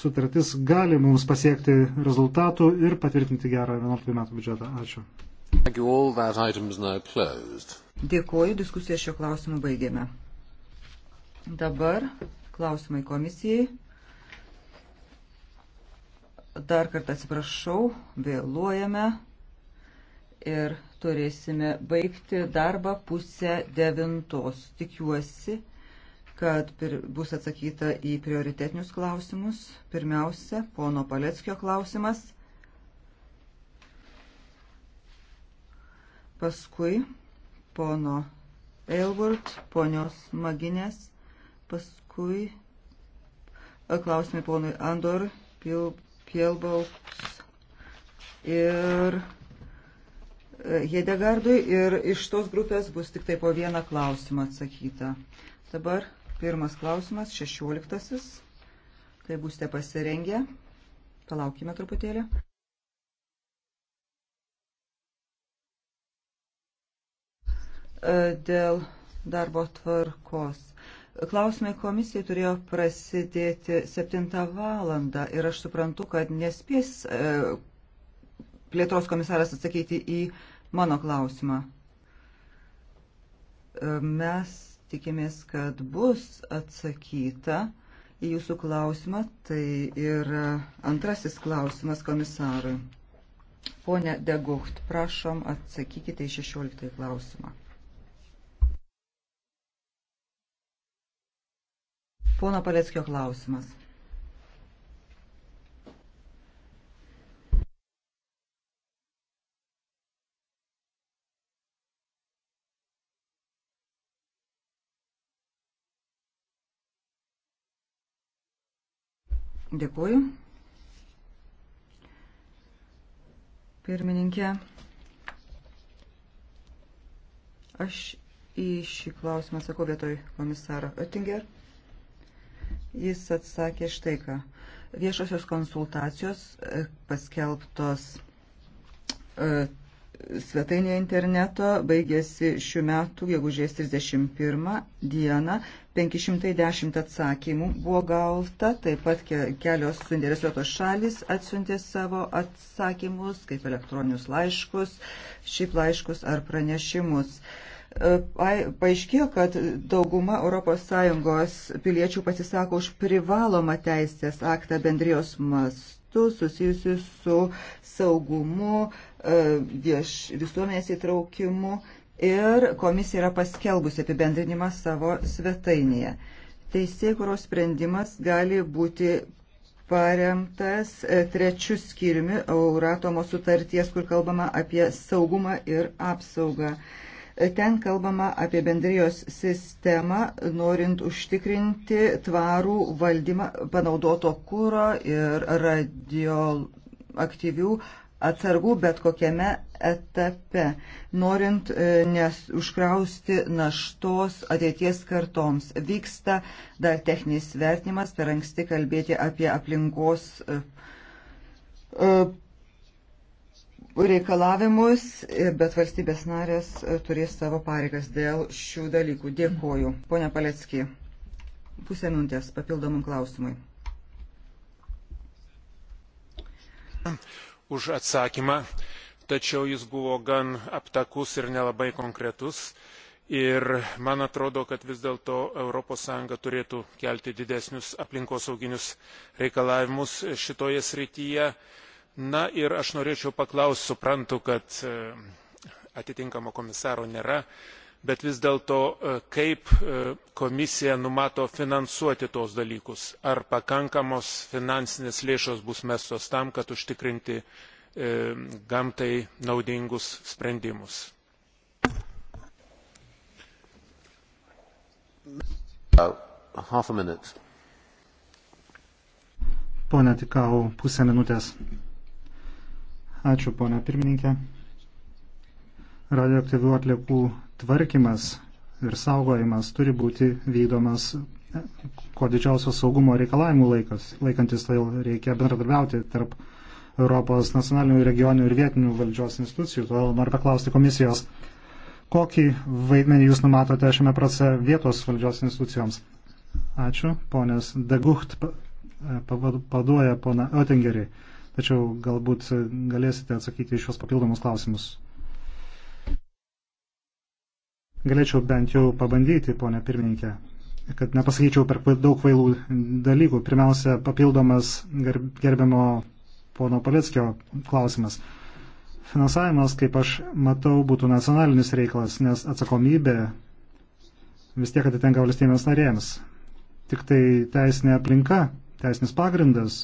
sutartis gali mums pasiekti rezultatų ir patvirtinti gerą 11 metų biudžetą. Ačiū. Dėkuoju, diskusiją šio klausimu baigėme. Dabar klausimai komisijai. Dar kartą atsiprašau, vėluojame ir turėsime baigti darbą pusę devintos. Tikiuosi kad pir, bus atsakyta į prioritetinius klausimus. Pirmiausia, pono Paleckio klausimas. Paskui pono Elvart, ponios Maginės. Paskui e, klausimai ponui Andor, Pil, Pielbauks ir e, Hedegardui. Ir iš tos grupės bus tik tai po vieną klausimą atsakyta. Dabar Pirmas klausimas, šešioliktasis. Kai būsite pasirengę, palaukime truputėlį. E, dėl darbo tvarkos. Klausimai komisijai turėjo prasidėti 7 valandą ir aš suprantu, kad nespės e, plėtros komisaras atsakyti į mano klausimą. E, mes tikimės, kad bus atsakyta į jūsų klausimą. Tai ir antrasis klausimas komisarui. Pone Degucht, prašom atsakykite į 16 klausimą. Pono Paleckio klausimas. Dėkuoju. Pirmininkė, aš į šį klausimą atsakau vietoj komisaro Oettinger. Jis atsakė štai ką. Viešosios konsultacijos e, paskelbtos e, svetainėje interneto baigėsi šių metų gegužės 31 dieną 510 atsakymų buvo gauta, taip pat kelios suinteresuotos šalis atsiuntė savo atsakymus, kaip elektroninius laiškus, šiaip laiškus ar pranešimus. E, paaiškėjo, kad dauguma ES piliečių pasisako už privalomą teisės aktą bendrijos mastu susijusiu su saugumu, e, vieš, visuomenės įtraukimu ir komisija yra paskelbusi apibendrinimą savo svetainėje. Teisėkuros sprendimas gali būti paremtas e, trečių skirimi Euratomo sutarties, kur kalbama apie saugumą ir apsaugą. E, ten kalbama apie bendrijos sistemą, norint užtikrinti tvarų valdymą panaudoto kūro ir radioaktyvių atsargų bet kokiame etape, norint e, nes užkrausti naštos ateities kartoms. Vyksta dar techninis vertinimas, per anksti kalbėti apie aplinkos e, e, reikalavimus, bet valstybės narės turės savo pareigas dėl šių dalykų. Dėkoju. Pone Palecki, pusę minutės papildomam klausimui už atsakymą, tačiau jis buvo gan aptakus ir nelabai konkretus. Ir man atrodo, kad vis dėlto ES turėtų kelti didesnius aplinkosauginius reikalavimus šitoje srityje. Na ir aš norėčiau paklausti, suprantu, kad e, atitinkamo komisaro nėra, bet vis dėlto e, kaip e, komisija numato finansuoti tuos dalykus ar pakankamos finansinės lėšos bus mestos tam kad užtikrinti e, gamtai naudingus sprendimus. Uh, pone Tikau, pusę minutės. Ačiū, pone pirmininkė. Radioaktyvių atliekų tvarkymas ir saugojimas turi būti vykdomas e, ko didžiausio saugumo reikalavimų laikas, laikantis tai reikia bendradarbiauti tarp Europos nacionalinių, regioninių ir vietinių valdžios institucijų. Todėl noriu paklausti komisijos, kokį vaidmenį jūs numatote šiame procese vietos valdžios institucijoms? Ačiū, ponės Degucht paduoja e, pona Oettingerį, tačiau galbūt galėsite atsakyti iš šios papildomus klausimus. Galėčiau bent jau pabandyti, ponė pirmininkė, kad nepasakyčiau per daug vailų dalykų. Pirmiausia, papildomas gerbiamo pono Paleckio klausimas. Finansavimas, kaip aš matau, būtų nacionalinis reikalas, nes atsakomybė vis tiek atitenka valstybės narėms. Tik tai teisinė aplinka, teisinis pagrindas,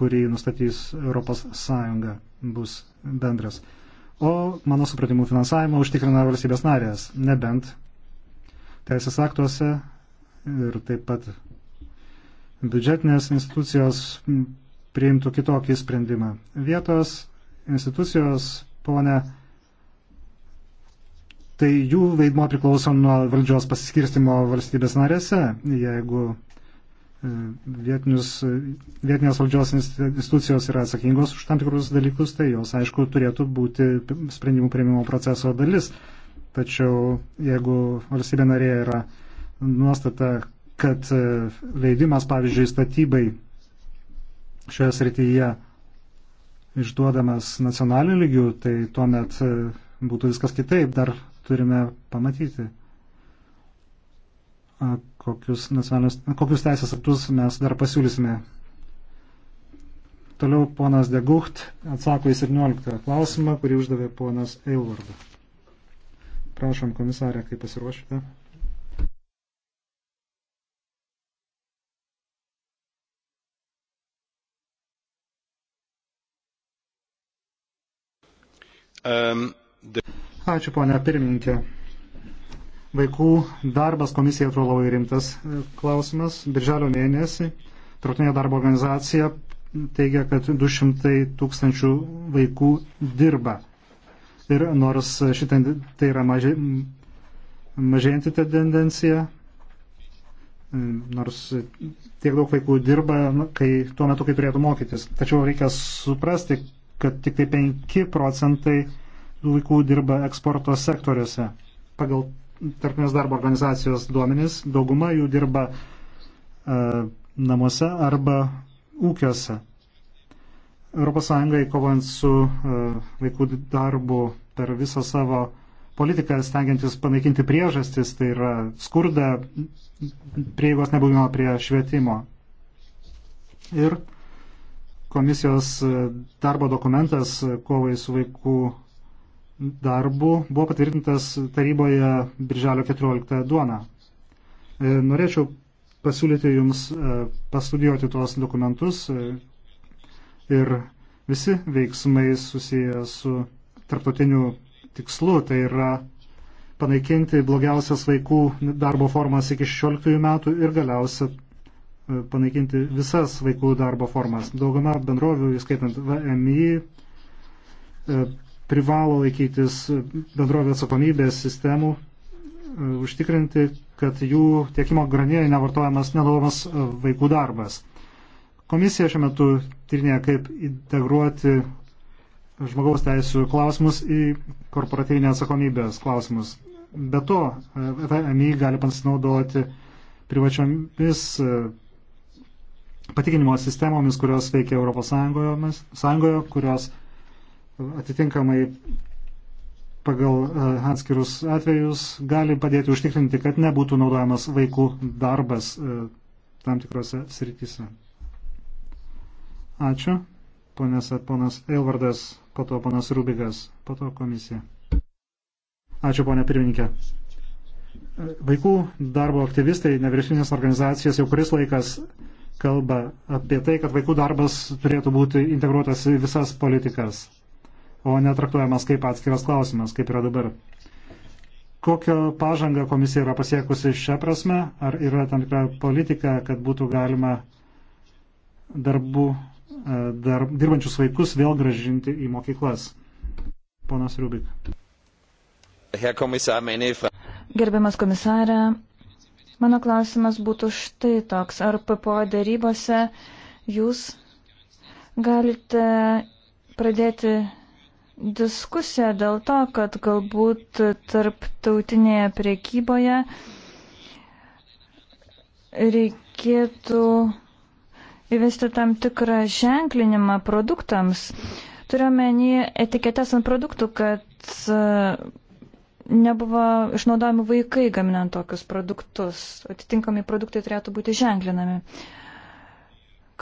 kurį nustatys ES, bus bendras o mano supratimu finansavimą užtikrina valstybės narės, nebent teisės aktuose ir taip pat biudžetinės institucijos priimtų kitokį sprendimą. Vietos institucijos, ponė, tai jų veidmo priklauso nuo valdžios pasiskirstimo valstybės narėse. Jeigu vietinius, vietinės valdžios institucijos yra atsakingos už tam tikrus dalykus, tai jos, aišku, turėtų būti sprendimų prieimimo proceso dalis. Tačiau jeigu valstybė narė yra nuostata, kad e, leidimas, pavyzdžiui, statybai šioje srityje išduodamas nacionaliniu lygiu, tai tuomet e, būtų viskas kitaip, dar turime pamatyti kokius, kokius teisės aktus mes dar pasiūlysime. Toliau ponas Degucht atsako į 17 klausimą, kurį uždavė ponas Eilvarda. Prašom komisarę, kai pasiruošite. Um, de... Ačiū, ponia pirmininkė. Vaikų darbas komisija atrodo labai rimtas e, klausimas. Birželio mėnesį Trautinė darbo organizacija teigia, kad 200 tūkstančių vaikų dirba. Ir nors šitą tai yra mažė, mažėjanti tendencija, e, nors tiek daug vaikų dirba, kai tuo metu, kai turėtų mokytis. Tačiau reikia suprasti, kad tik tai 5 procentai vaikų dirba eksporto sektoriuose. Pagal tarpinės darbo organizacijos duomenys, dauguma jų dirba e, namuose arba ūkiuose. ES kovant su e, vaikų darbu per visą savo politiką, stengiantis panaikinti priežastis, tai yra skurda, prieigos nebuvimo prie švietimo. Ir komisijos e, darbo dokumentas kovai su vaikų darbų buvo patvirtintas taryboje birželio 14 duona. E, norėčiau pasiūlyti Jums e, pastudijuoti tuos dokumentus e, ir visi veiksmai susiję su tarptautiniu tikslu, tai yra panaikinti blogiausias vaikų darbo formas iki 16 metų ir galiausia panaikinti visas vaikų darbo formas. Dauguma bendrovių, įskaitant VMI, privalo laikytis bendrovė atsakomybės sistemų, e, užtikrinti, kad jų tiekimo granėje nevartojamas nenaudojamas e, vaikų darbas. Komisija šiuo metu tyrinėja, kaip integruoti žmogaus teisų klausimus į korporatyvinę atsakomybės klausimus. Be to, VMI e, gali pasinaudoti privačiomis patikinimo sistemomis, kurios veikia Europos Sąjungoje, kurios atitinkamai pagal e, atskirus atvejus gali padėti užtikrinti, kad nebūtų naudojamas vaikų darbas e, tam tikrose srityse. Ačiū. Ponas, ponas Eilvardas, po to ponas Rubigas, po to komisija. Ačiū, ponė pirmininkė. Vaikų darbo aktyvistai, nevyriausybinės organizacijos jau kuris laikas kalba apie tai, kad vaikų darbas turėtų būti integruotas į visas politikas o netraktuojamas kaip atskiras klausimas, kaip yra dabar. Kokią pažangą komisija yra pasiekusi šią prasme? Ar yra tam tikra politika, kad būtų galima darbų, e, dar, dirbančius vaikus vėl gražinti į mokyklas? Ponas Rubik. Gerbiamas komisarė, mano klausimas būtų štai toks. Ar PPO darybose jūs galite pradėti diskusiją dėl to, kad galbūt tarptautinėje priekyboje reikėtų įvesti tam tikrą ženklinimą produktams. Turiuomenį etiketes ant produktų, kad e, nebuvo išnaudojami vaikai gaminant tokius produktus. Atitinkami produktai turėtų būti ženklinami.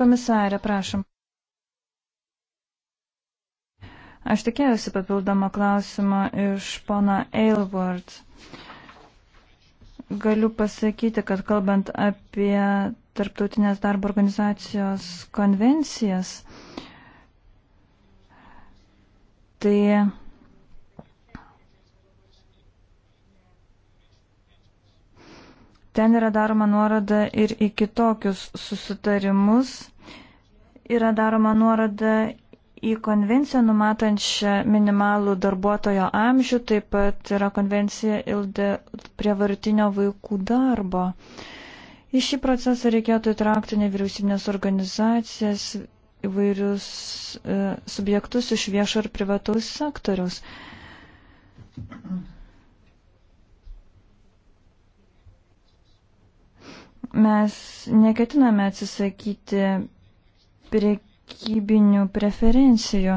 Komisarė, prašom. Aš tikėjausi papildomą klausimą iš pono Aylward. Galiu pasakyti, kad kalbant apie Tarptautinės darbo organizacijos konvencijas, tai ten yra daroma nuorada ir į kitokius susitarimus, yra daroma nuorada į konvenciją numatančią minimalų darbuotojo amžių, taip pat yra konvencija ilde prievartinio vaikų darbo. Į šį procesą reikėtų įtraukti nevyriausybinės organizacijas, įvairius e, subjektus iš viešo ir privataus sektoriaus. Mes neketiname atsisakyti prie prekybinių preferencijų.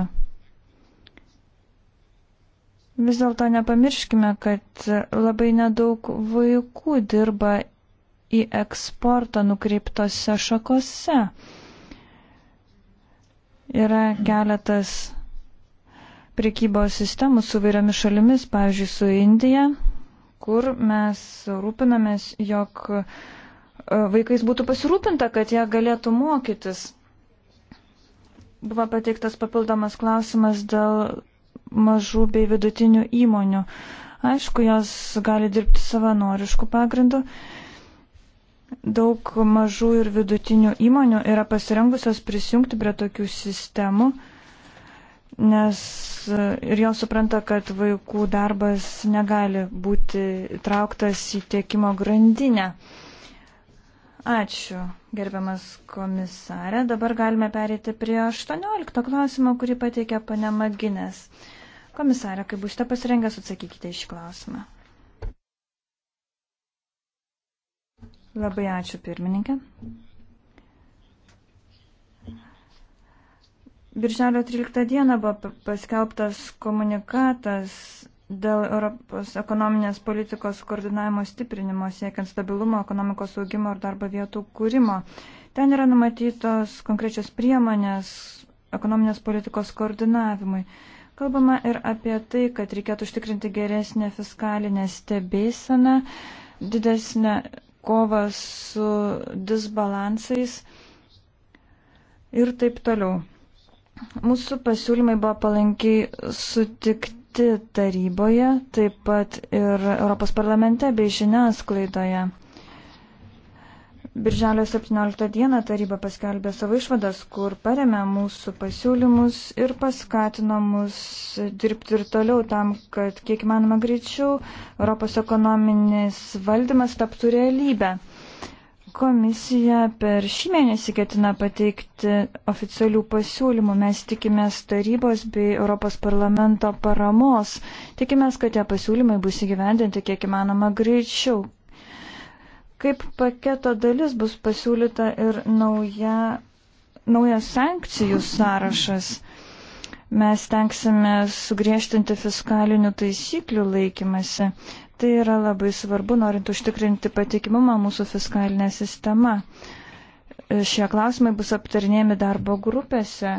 Vis dėlto nepamirškime, kad labai nedaug vaikų dirba į eksportą nukreiptose šakose. Yra keletas prekybos sistemų su vairiomis šalimis, pavyzdžiui, su Indija, kur mes rūpinamės, jog vaikais būtų pasirūpinta, kad jie galėtų mokytis. Buvo pateiktas papildomas klausimas dėl mažų bei vidutinių įmonių. Aišku, jos gali dirbti savanoriškų pagrindų. Daug mažų ir vidutinių įmonių yra pasirengusios prisijungti prie tokių sistemų, nes ir jos supranta, kad vaikų darbas negali būti trauktas į tiekimo grandinę. Ačiū, gerbiamas komisarė. Dabar galime pereiti prie 18 klausimo, kurį pateikė pane Maginės. Komisarė, kai būsite pasirengęs, atsakykite iš klausimą. Labai ačiū, pirmininkė. Birželio 13 dieną buvo paskelbtas komunikatas dėl Europos ekonominės politikos koordinavimo stiprinimo, siekiant stabilumo, ekonomikos augimo ir darbo vietų kūrimo. Ten yra numatytos konkrečios priemonės ekonominės politikos koordinavimui. Kalbama ir apie tai, kad reikėtų užtikrinti geresnę fiskalinę stebėseną, didesnę kovą su disbalansais ir taip toliau. Mūsų pasiūlymai buvo palankiai sutikti pati taryboje, taip pat ir Europos parlamente bei žiniasklaidoje. Birželio 17 dieną taryba paskelbė savo išvadas, kur paremė mūsų pasiūlymus ir paskatino mus dirbti ir toliau tam, kad kiek manoma greičiau Europos ekonominis valdymas taptų realybę. Komisija per šį mėnesį ketina pateikti oficialių pasiūlymų. Mes tikimės tarybos bei Europos parlamento paramos. Tikimės, kad tie pasiūlymai bus įgyvendinti kiek įmanoma greičiau. Kaip paketo dalis bus pasiūlyta ir nauja, naujas sankcijų sąrašas. Mes tenksime sugriežtinti fiskalinių taisyklių laikymasi. Tai yra labai svarbu, norint užtikrinti patikimumą mūsų fiskalinę sistemą. Šie klausimai bus aptarnėjami darbo grupėse.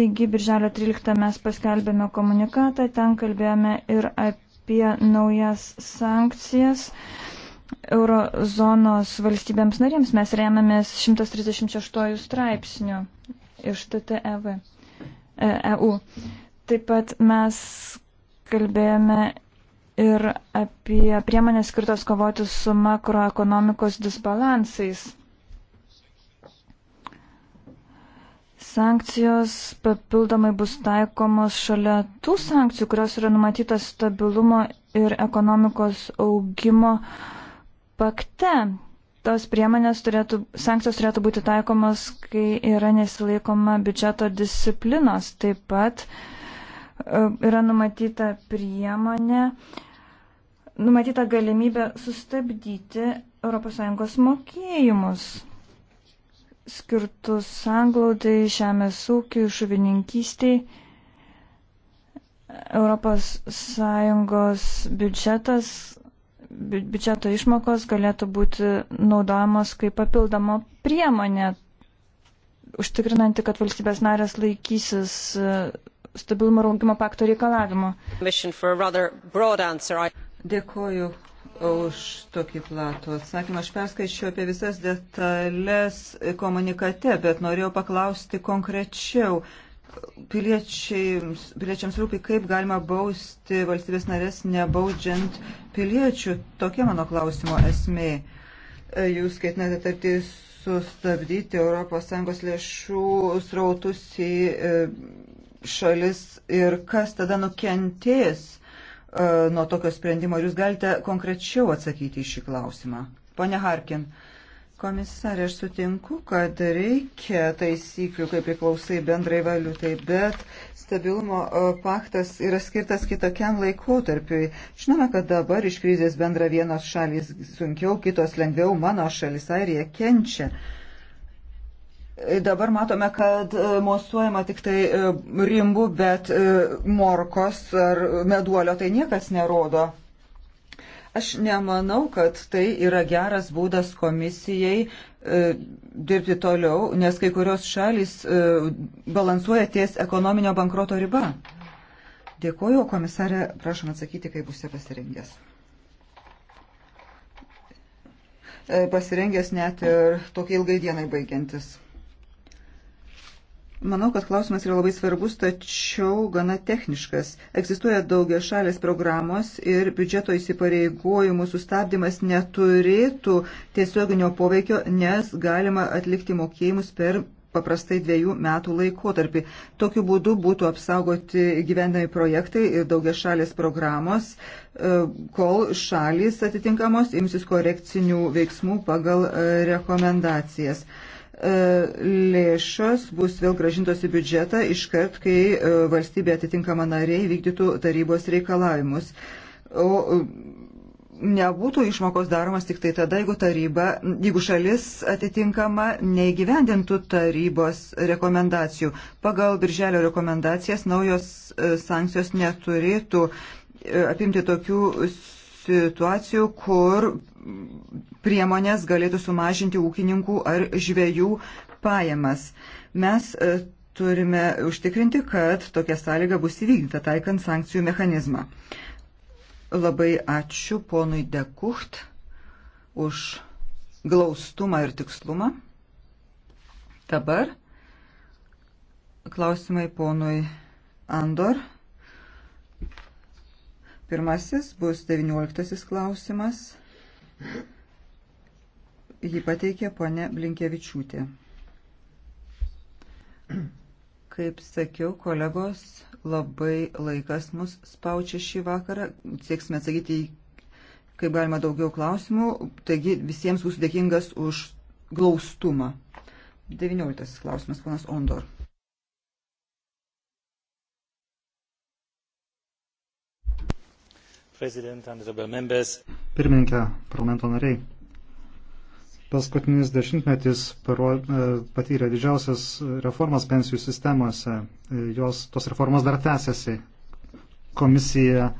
Taigi, birželio 13 mes paskelbėme komunikatą, ten kalbėjome ir apie naujas sankcijas. Eurozonos valstybėms narėms mes remiamės 136 straipsnių iš TTEV, e, EU. E Taip pat mes kalbėjome ir apie priemonės skirtos kovoti su makroekonomikos disbalansais. Sankcijos papildomai bus taikomos šalia tų sankcijų, kurios yra numatytas stabilumo ir ekonomikos augimo pakte. Tos priemonės turėtų, sankcijos turėtų būti taikomos, kai yra nesilaikoma biudžeto disciplinos. Taip pat e, yra numatyta priemonė uh, numatyta galimybė sustabdyti ES mokėjimus skirtus sanglaudai, žemės ūkiui, žuvininkystiai. ES biudžetas, biudžeto išmokos galėtų būti naudojamos kaip papildoma priemonė, užtikrinanti, kad valstybės narės laikysis e, stabilumo ir augimo pakto reikalavimo. Dėkoju už tokį platų atsakymą. Aš perskaičiau apie visas detalės komunikate, bet norėjau paklausti konkrečiau. Piliečiams, piliečiams rūpi, kaip galima bausti valstybės narės nebaudžiant piliečių. Tokia mano klausimo esmė. E, jūs ketinate tarti sustabdyti ES lėšų srautus į e, šalis ir kas tada nukentės E, nuo tokio sprendimo. Ar jūs galite konkrečiau atsakyti į šį klausimą? Pone Harkin, komisarė, aš sutinku, kad reikia taisyklių, kaip priklausai bendrai valiutai, bet stabilumo e, paktas yra skirtas kitokiam laikotarpiui. Žinome, kad dabar iš krizės bendra vienos šalis sunkiau, kitos lengviau, mano šalis Airija kenčia. Dabar matome, kad e, mosuojama tik tai e, rimbu, bet e, morkos ar meduolio tai niekas nerodo. Aš nemanau, kad tai yra geras būdas komisijai dirbti toliau, nes kai kurios šalis balansuoja ties ekonominio bankroto riba. Dėkuoju, komisarė, prašom atsakyti, kai būsite pasirengęs. Pasirengęs net ir tokiai ilgai dienai baigiantis. Manau, kad klausimas yra labai svarbus, tačiau gana techniškas. Egzistuoja daugia šalės programos ir biudžeto įsipareigojimų sustabdymas neturėtų tiesioginio poveikio, nes galima atlikti mokėjimus per paprastai dviejų metų laikotarpį. Tokiu būdu būtų apsaugoti gyvendami projektai ir daugia šalės programos, e, kol šalis atitinkamos imsis korekcinių veiksmų pagal rekomendacijas. E, lėšos bus vėl gražintos į biudžetą iškart, kai e, valstybė atitinkama nariai vykdytų tarybos reikalavimus. O e, nebūtų išmokos daromas tik tai tada, jeigu taryba, jeigu šalis atitinkama neįgyvendintų tarybos rekomendacijų. Pagal birželio rekomendacijas naujos sankcijos neturėtų apimti tokių situacijų, kur priemonės galėtų sumažinti ūkininkų ar žvėjų pajamas. Mes e, turime užtikrinti, kad tokia sąlyga bus įvykdyta taikant sankcijų mechanizmą. Labai ačiū ponui Dekucht už glaustumą ir tikslumą. Dabar klausimai ponui Andor. Pirmasis bus 19 klausimas. Jį pateikė ponė Blinkievičiūtė. Kaip sakiau, kolegos, labai laikas mus spaučia šį vakarą. Sieksime atsakyti į kaip galima daugiau klausimų. Taigi visiems būsiu dėkingas už glaustumą. 19 klausimas, ponas Ondor. Pirmininkė, parlamento nariai. Paskutinis dešimtmetis paro, e, patyrė didžiausias reformas pensijų sistemose. E, jos, tos reformos dar tęsiasi. Komisija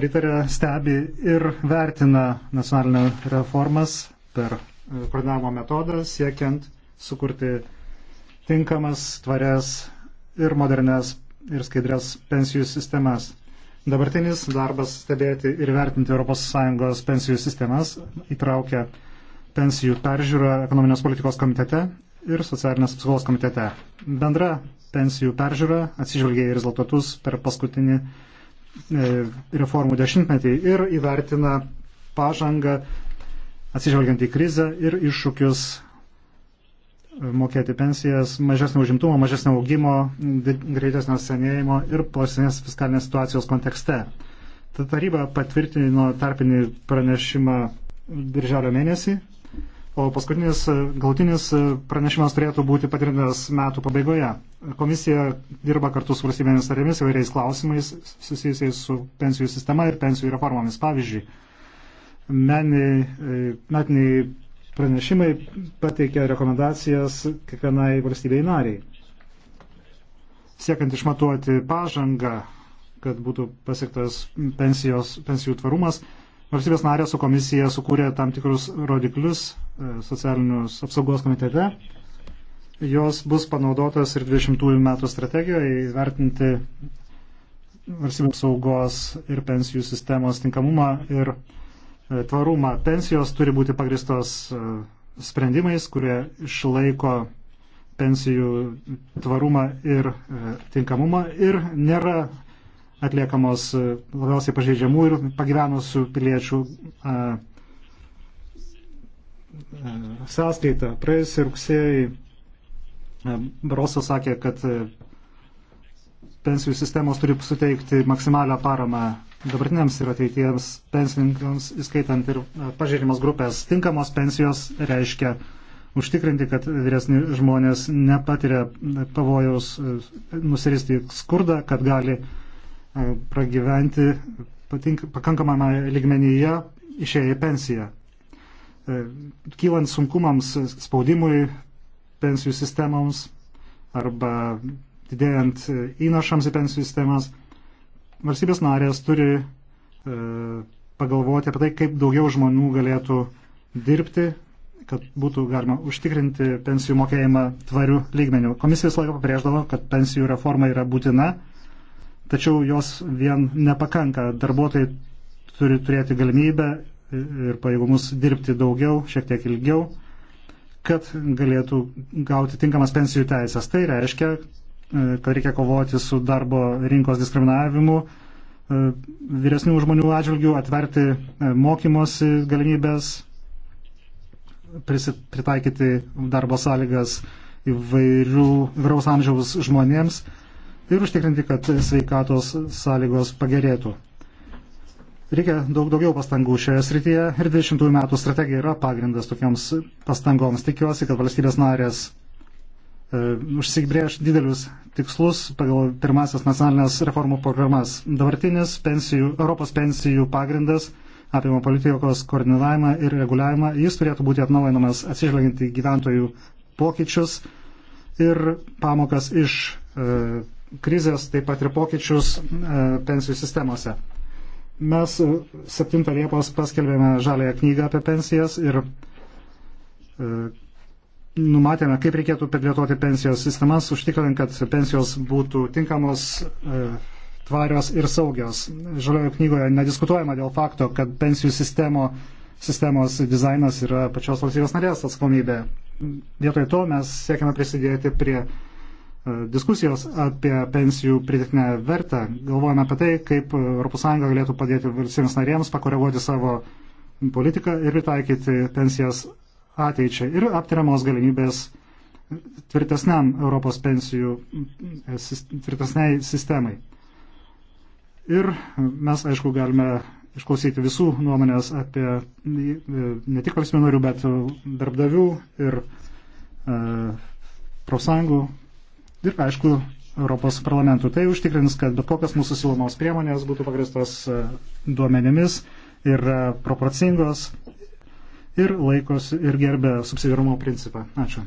pritarė, stebi ir vertina nacionalinę reformas per e, koordinavimo metodą, siekiant sukurti tinkamas, tvarias ir modernes ir skaidrias pensijų sistemas. Dabartinis darbas stebėti ir vertinti ES pensijų sistemas įtraukia pensijų peržiūrą ekonominės politikos komitete ir socialinės apsaugos komitete. Bendra pensijų peržiūra atsižvelgia į rezultatus per paskutinį e, reformų dešimtmetį ir įvertina pažangą atsižvelgiant į krizę ir iššūkius mokėti pensijas, mažesnio užimtumo, mažesnio augimo, greitesnio senėjimo ir plasnės fiskalinės situacijos kontekste. Ta taryba patvirtino tarpinį pranešimą birželio mėnesį, o paskutinis galtinis pranešimas turėtų būti patvirtintas metų pabaigoje. Komisija dirba kartu su valstybėmis narėmis įvairiais klausimais susijusiais su pensijų sistema ir pensijų reformomis. Pavyzdžiui, metiniai pranešimai pateikia rekomendacijas kiekvienai valstybei nariai. Siekant išmatuoti pažangą, kad būtų pasiektas pensijos, pensijų tvarumas, valstybės narė su komisija sukūrė tam tikrus rodiklius e, socialinius apsaugos komitete. Jos bus panaudotas ir 20 metų strategijoje įvertinti valstybės saugos ir pensijų sistemos tinkamumą ir E, tvarumą. Pensijos turi būti pagristos e, sprendimais, kurie išlaiko pensijų tvarumą ir e, tinkamumą ir nėra atliekamos labiausiai pažeidžiamų ir pagyvenusių piliečių sąskaita. Praėjusį rugsėjai Barosas sakė, kad pensijų sistemos turi suteikti maksimalią paramą dabartiniams ir ateitiems pensininkams, įskaitant ir e, pažiūrimas grupės, tinkamos pensijos reiškia užtikrinti, kad vyresni žmonės nepatiria pavojaus e, nusiristi skurdą, kad gali e, pragyventi patink, pakankamame ligmenyje išėję į pensiją. Kylant sunkumams, spaudimui pensijų sistemoms arba didėjant įnašams į pensijų sistemas, Valstybės narės turi e, pagalvoti apie tai, kaip daugiau žmonių galėtų dirbti, kad būtų galima užtikrinti pensijų mokėjimą tvarių lygmenių. Komisija visą laiką pabrėždavo, kad pensijų reforma yra būtina, tačiau jos vien nepakanka. Darbuotojai turi turėti galimybę ir pajėgumus dirbti daugiau, šiek tiek ilgiau, kad galėtų gauti tinkamas pensijų teisės. Tai reiškia, E, kad reikia kovoti su darbo rinkos diskriminavimu e, vyresnių žmonių atžvilgių, atverti e, mokymosi galimybės, pritaikyti darbo sąlygas įvairių vyraus amžiaus žmonėms ir užtikrinti, kad sveikatos sąlygos pagerėtų. Reikia daug daugiau pastangų šioje srityje ir 20 metų strategija yra pagrindas tokioms pastangoms. Tikiuosi, kad valstybės narės E, užsibrėž didelius tikslus pagal pirmasis nacionalinės reformų programas. Dabartinis pensijų, Europos pensijų pagrindas apima politikos koordinavimą ir reguliavimą. Jis turėtų būti atnaujinamas atsižvelgiant į gyventojų pokyčius ir pamokas iš e, krizės, taip pat ir pokyčius e, pensijų sistemose. Mes 7 e, Liepos paskelbėme žalėją knygą apie pensijas ir e, numatėme, kaip reikėtų plėtoti pensijos sistemas, užtikrinant, kad pensijos būtų tinkamos, e, tvarios ir saugios. Žaliojo knygoje nediskutuojama dėl fakto, kad pensijų sistemo, sistemos dizainas yra pačios valstybės narės atsakomybė. Vietoj to mes siekime prisidėti prie e, diskusijos apie pensijų pridėtinę vertę. Galvojame apie tai, kaip ES galėtų padėti valstybėms narėms pakoreguoti savo politiką ir pritaikyti pensijas ateičiai ir aptariamos galimybės tvirtesniam Europos pensijų, e, tvirtesniai sistemai. Ir mes, aišku, galime išklausyti visų nuomonės apie e, ne tik valstybių narių, bet darbdavių ir e, profsąjungų ir, aišku, Europos parlamentų. Tai užtikrins, kad bet kokias mūsų siūlomos priemonės būtų pagristos e, duomenimis ir proporcingos ir laikos ir gerbė subsidiarumo principą. Ačiū.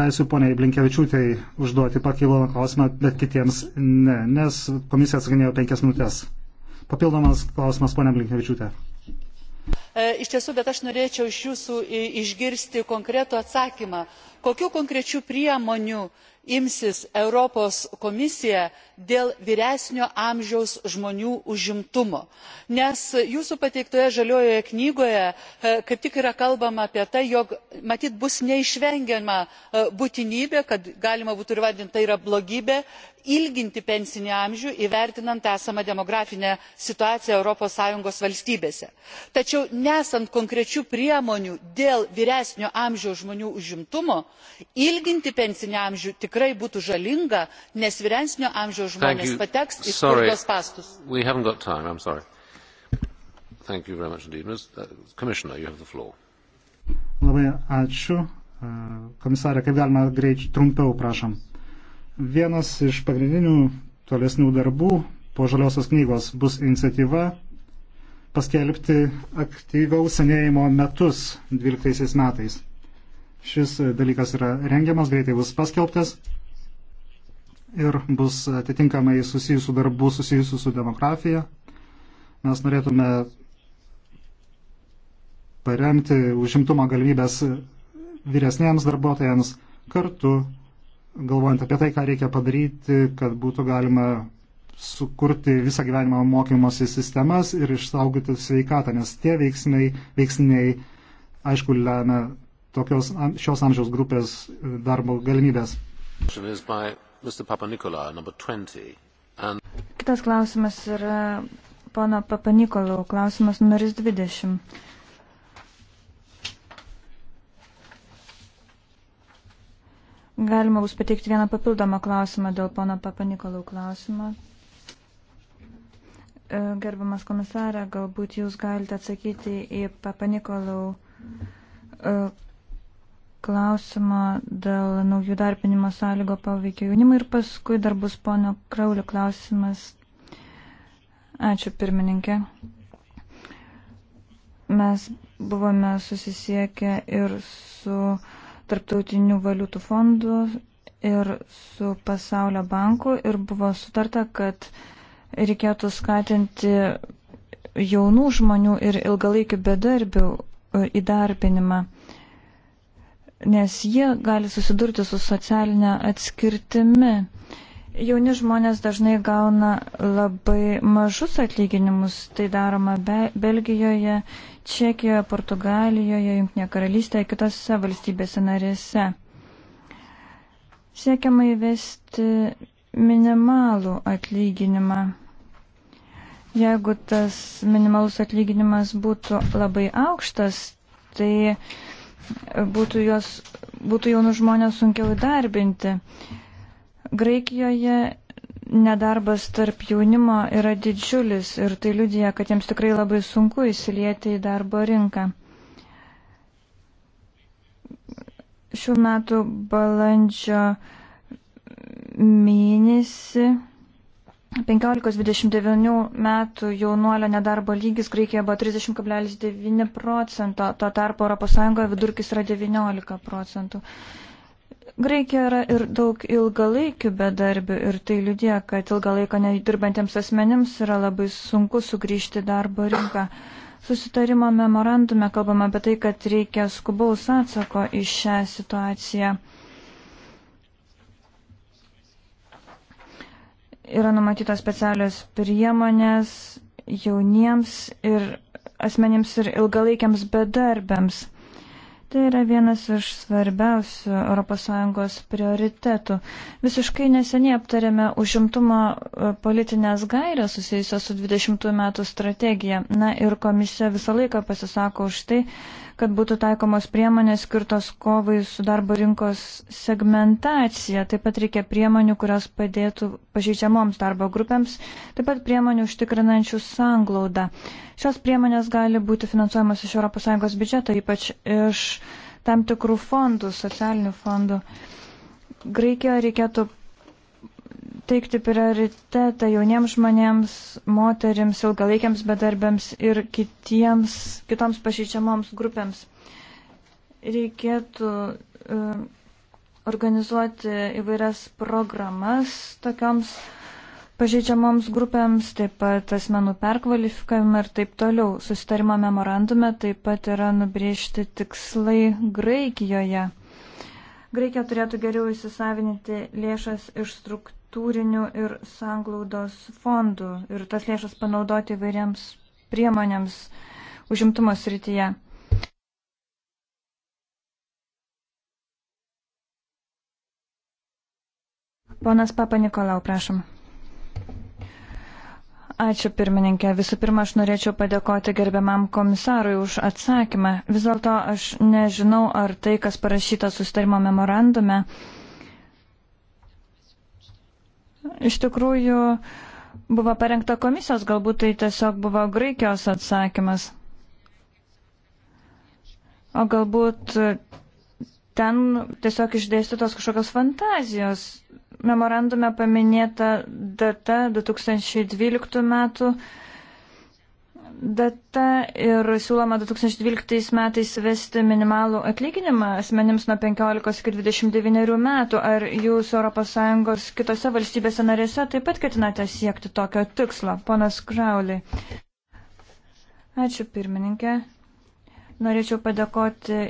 Leisiu poniai Blinkevičiūtei užduoti pakilomą klausimą, bet kitiems ne, nes komisija atsakinėjo penkias minutės. Papildomas klausimas, ponia Blinkevičiūtė. E, iš tiesų bet aš norėčiau iš jūsų išgirsti konkretų atsakymą kokių konkrečių priemonių imsis europos komisija dėl vyresnio amžiaus žmonių užimtumo nes jūsų pateiktoje žaliojoje knygoje e, kaip tik yra kalbama apie tai jog matyt bus neišvengiama e, būtinybė kad galima būtų ir įvardinti tai yra blogybė ilginti pensinį amžių įvertinant esamą demografinę situaciją europos sąjungos valstybėse. tačiau nesant konkrečių priemonių dėl vyresnio amžiaus žmonių užimtumo ilginti pensinį amžių tikrai būtų žalinga nes vyresnio amžiaus žmonės pateks į skurdo spąstus. Uh, Labai ačiū. Uh, komisarė, kaip galima greit trumpiau, prašom. Vienas iš pagrindinių tolesnių darbų po žaliosios knygos bus iniciatyva paskelbti aktyvaus senėjimo metus 12 metais. Šis dalykas yra rengiamas, greitai bus paskelbtas ir bus atitinkamai susijusių darbų susijusių su demografija. Mes norėtume paremti užimtumo galimybės vyresniems darbuotojams kartu, galvojant apie tai, ką reikia padaryti, kad būtų galima sukurti visą gyvenimą mokymosi sistemas ir išsaugoti sveikatą, nes tie veiksniai, veiksniai aišku, lemia tokios šios amžiaus grupės e, darbo galimybės. Kitas klausimas yra pono Papanikolau, klausimas numeris 20. Galima bus pateikti vieną papildomą klausimą dėl pono Papanikolau klausimo. Gerbiamas komisarė, galbūt jūs galite atsakyti į papanikolau e, klausimą dėl naujų darbinimo sąlygo poveikio jaunimui ir paskui dar bus pono Kraulio klausimas. Ačiū pirmininkė. Mes buvome susisiekę ir su Tarptautiniu valiutų fondu ir su Pasaulio banku ir buvo sutarta, kad uh, reikėtų skatinti jaunų žmonių ir ilgalaikių bedarbių e, įdarbinimą, nes jie gali susidurti su socialinė atskirtimi. Jauni žmonės dažnai gauna labai mažus atlyginimus. Tai daroma Be Belgijoje, Čekijoje, Portugalijoje, Junktinėje karalystėje, kitose valstybėse narėse. Siekiama įvesti minimalų atlyginimą. Jeigu tas minimalus atlyginimas būtų labai aukštas, tai būtų, jos, būtų jaunų žmonės sunkiau įdarbinti. Graikijoje nedarbas tarp jaunimo yra didžiulis ir tai liudija, kad jiems tikrai labai sunku įsilieti į darbo rinką. Šių metų balandžio mėnesį 15-29 metų jaunuolio nedarbo lygis Graikijoje buvo 30,9 procento, tuo tarpu ES vidurkis yra 19 procentų. Graikija yra ir daug ilgalaikių bedarbių ir tai liudė, kad ilgą laiką nedirbantiems asmenims yra labai sunku sugrįžti darbo rinką. Susitarimo memorandume kalbama apie tai, kad reikia skubaus atsako į šią situaciją. Yra numatytos specialios priemonės jauniems ir asmenims ir ilgalaikiams bedarbiams. Tai yra vienas iš svarbiausių ES prioritetų. Visiškai neseniai aptarėme užimtumo e, politinės gairias susijusios su 20 metų strategija. Na ir komisija visą laiką pasisako už tai, kad būtų taikomos priemonės skirtos kovai su darbo rinkos segmentacija. Taip pat reikia priemonių, kurios padėtų pažeidžiamoms darbo grupėms, taip pat priemonių užtikrinančių sanglaudą. Šios priemonės gali būti finansuojamos iš ES biudžeto, ypač iš tam tikrų fondų, socialinių fondų. Graikijoje reikėtų teikti prioritetą jauniems žmonėms, moteriams, ilgalaikiams bedarbiams ir kitiems, kitoms pažeidžiamoms grupėms. Reikėtų uh, organizuoti įvairias programas tokioms pažeidžiamoms grupėms, taip pat asmenų perkvalifikavimą ir taip toliau. Susitarimo memorandume taip pat yra nubriežti tikslai Graikijoje. Graikija turėtų geriau įsisavinti lėšas iš struktūrų struktūrinių ir sanglaudos fondų ir tas lėšas panaudoti įvairiems priemonėms užimtumo srityje. Ponas Papa Nikolau, prašom. Ačiū pirmininkė. Visų pirma, aš norėčiau padėkoti gerbiamam komisarui už atsakymą. Vis dėlto aš nežinau, ar tai, kas parašyta sustarimo memorandume, uh, iš tikrųjų buvo parengta komisijos, galbūt tai tiesiog buvo Graikijos atsakymas. O galbūt ten tiesiog išdėstytos kažkokios fantazijos. Memorandume paminėta data 2012 metų data ir siūloma 2012 metais vesti minimalų atlyginimą asmenims nuo 15 iki 29 metų. Ar jūs ES kitose valstybėse narėse taip pat ketinate siekti tokio tikslo, ponas Kraulį? Ačiū pirmininkė. Norėčiau padėkoti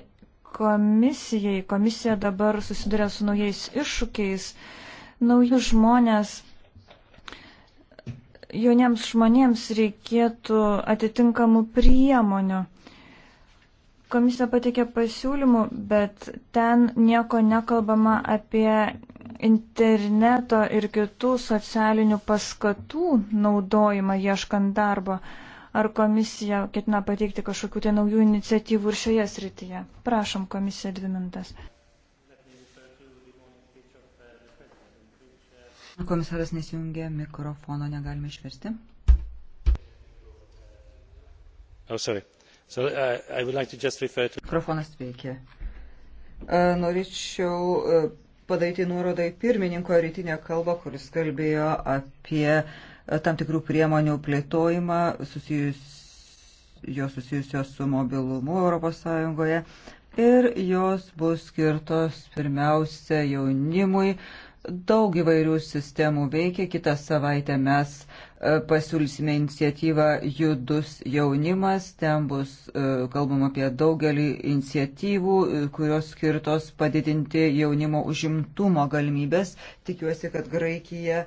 komisijai. Komisija dabar susiduria su naujais iššūkiais. Nauji žmonės jauniems žmonėms reikėtų atitinkamų priemonių. Komisija patikė pasiūlymų, bet ten nieko nekalbama apie interneto ir kitų socialinių paskatų naudojimą ieškant darbo. Ar komisija ketina pateikti kažkokių tai naujų iniciatyvų ir šioje srityje? Prašom, komisija dvi mintas. Komisaras nesijungia mikrofono, negalime išversti. Oh, sorry. So, uh, I would like to just refer to... Mikrofonas veikia. Uh, norėčiau uh, padaryti nuorodą į pirmininko rytinę kalbą, kuris kalbėjo apie tam tikrų priemonių plėtojimą, susijus, jos susijusios su mobilumu ES ir jos bus skirtos pirmiausia jaunimui, uh, Daug įvairių sistemų veikia. Kitą savaitę mes e, pasiūlysime iniciatyvą Judus jaunimas. Ten bus e, kalbama apie daugelį iniciatyvų, e, kurios skirtos padidinti jaunimo užimtumo galimybės. Tikiuosi, kad Graikija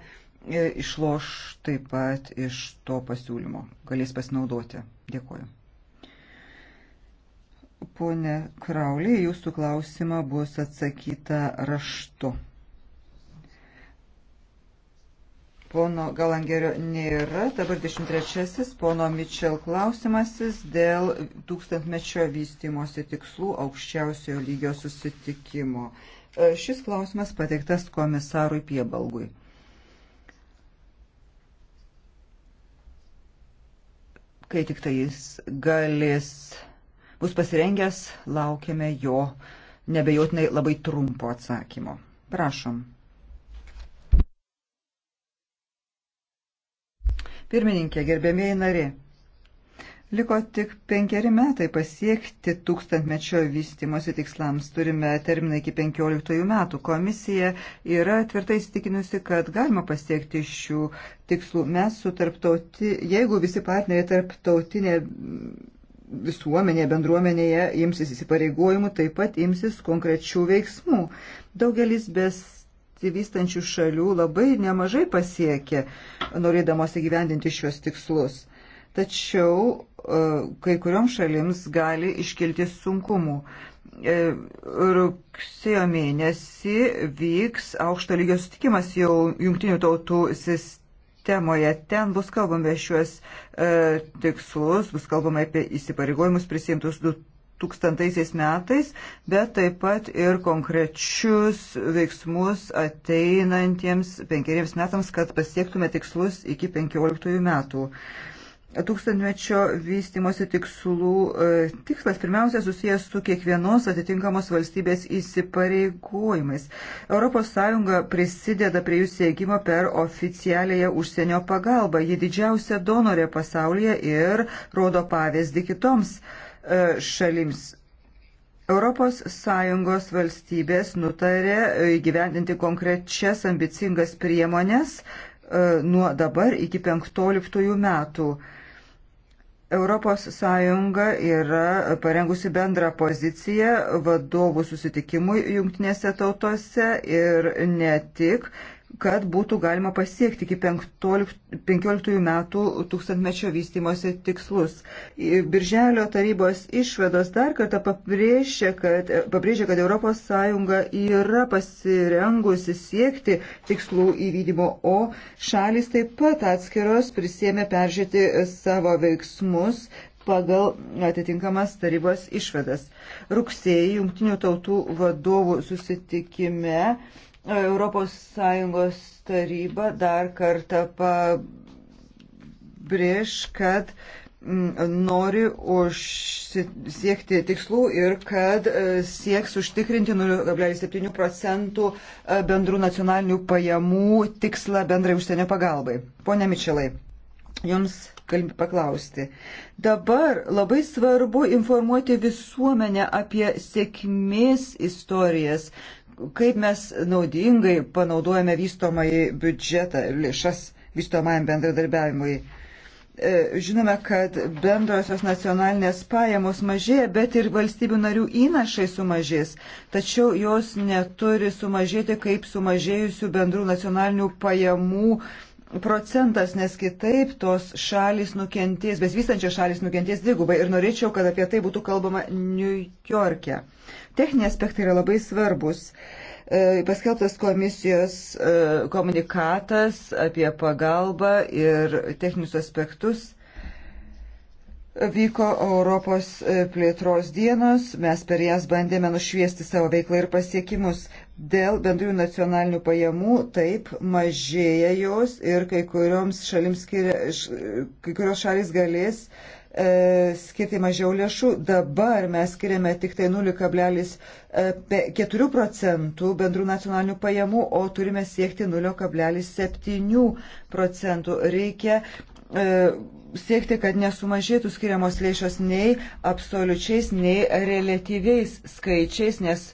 išloš taip pat iš to pasiūlymo. Galės pasinaudoti. Dėkuoju. Pone Kraulė, jūsų klausimą bus atsakyta raštu. pono Galangerio nėra. Dabar 23. pono Mitchell klausimasis dėl tūkstantmečio vystimosi tikslų aukščiausiojo lygio susitikimo. E, šis klausimas pateiktas komisarui Piebalgui. Kai tik tai jis galės, bus pasirengęs, laukiame jo nebejotinai labai trumpo atsakymo. Prašom. Pirmininkė, gerbėmėjai nari. Liko tik penkeri metai pasiekti tūkstantmečio vystimosi tikslams. Turime terminą iki 15 metų. Komisija yra tvirtai įsitikinusi, kad galima pasiekti šių tikslų. Mes su tarptauti, jeigu visi partneriai tarptautinė visuomenėje, bendruomenėje imsis įsipareigojimų, taip pat imsis konkrečių veiksmų. Daugelis bes besivystančių šalių labai nemažai pasiekė, norėdamos įgyvendinti šios tikslus. Tačiau e, kai kurioms šalims gali iškilti sunkumų. E, rugsėjo mėnesį vyks aukšto lygio sutikimas jau jungtinių tautų sistemoje. Ten bus kalbama šiuos e, tikslus, bus kalbama apie įsipareigojimus prisimtus 2000 metais, bet taip pat ir konkrečius veiksmus ateinantiems penkeriems metams, kad pasiektume tikslus iki 15 metų. Tūkstantmečio vystimosi tikslų e, tikslas pirmiausia susijęs su kiekvienos atitinkamos valstybės įsipareigojimais. ES prisideda prie jų siekimo per oficialiąją užsienio pagalbą. Ji didžiausia donorė pasaulyje ir rodo pavyzdį kitoms E, šalims. ES valstybės nutarė e, įgyvendinti konkrečias ambicingas priemonės e, nuo dabar iki 15 metų. ES yra parengusi bendrą poziciją vadovų susitikimui jungtinėse tautose ir ne tik kad būtų galima pasiekti iki 15 metų tūkstantmečio vystimosi tikslus. Birželio tarybos išvedos dar kartą pabrėžia, kad, pabrėžia, kad ES yra pasirengusi siekti tikslų įvykdymo, o šalis taip pat atskiros prisėmė peržiūrėti savo veiksmus pagal atitinkamas tarybos išvedas. Rugsėjai jungtinių tautų vadovų susitikime ES taryba dar kartą pabrėž, kad mm, nori siekti tikslų ir kad e, sieks užtikrinti 0,7 procentų e, bendrų nacionalinių pajamų tikslą bendrai užsienio pagalbai. Pone Mičelai, jums galim paklausti. Dabar labai svarbu informuoti visuomenę apie sėkmės istorijas, kaip mes naudingai panaudojame vystomąjį biudžetą ir lėšas vystomajam bendradarbiavimui. E, žinome, kad bendrosios nacionalinės pajamos mažėja, bet ir valstybių narių įnašai sumažės, tačiau jos neturi sumažėti kaip sumažėjusių bendrų nacionalinių pajamų procentas, nes kitaip tos šalis nukentės, besvystančios šalis nukentės dvigubai ir norėčiau, kad apie tai būtų kalbama New York'e. Techniniai aspektai yra labai svarbus. E, paskelbtas komisijos e, komunikatas apie pagalbą ir techninius aspektus. Vyko Europos e, plėtros dienos, mes per jas bandėme nušviesti savo veiklą ir pasiekimus. Dėl bendrių nacionalinių pajamų taip mažėja jos ir kai, šalims skiria, kai kurios šalis galės e, skirti mažiau lėšų. Dabar mes skiriame tik tai 0,4 procentų bendrų nacionalinių pajamų, o turime siekti 0,7 procentų. Reikia e, siekti, kad nesumažėtų skiriamos lėšos nei absoliučiais, nei relatyviais skaičiais, nes e,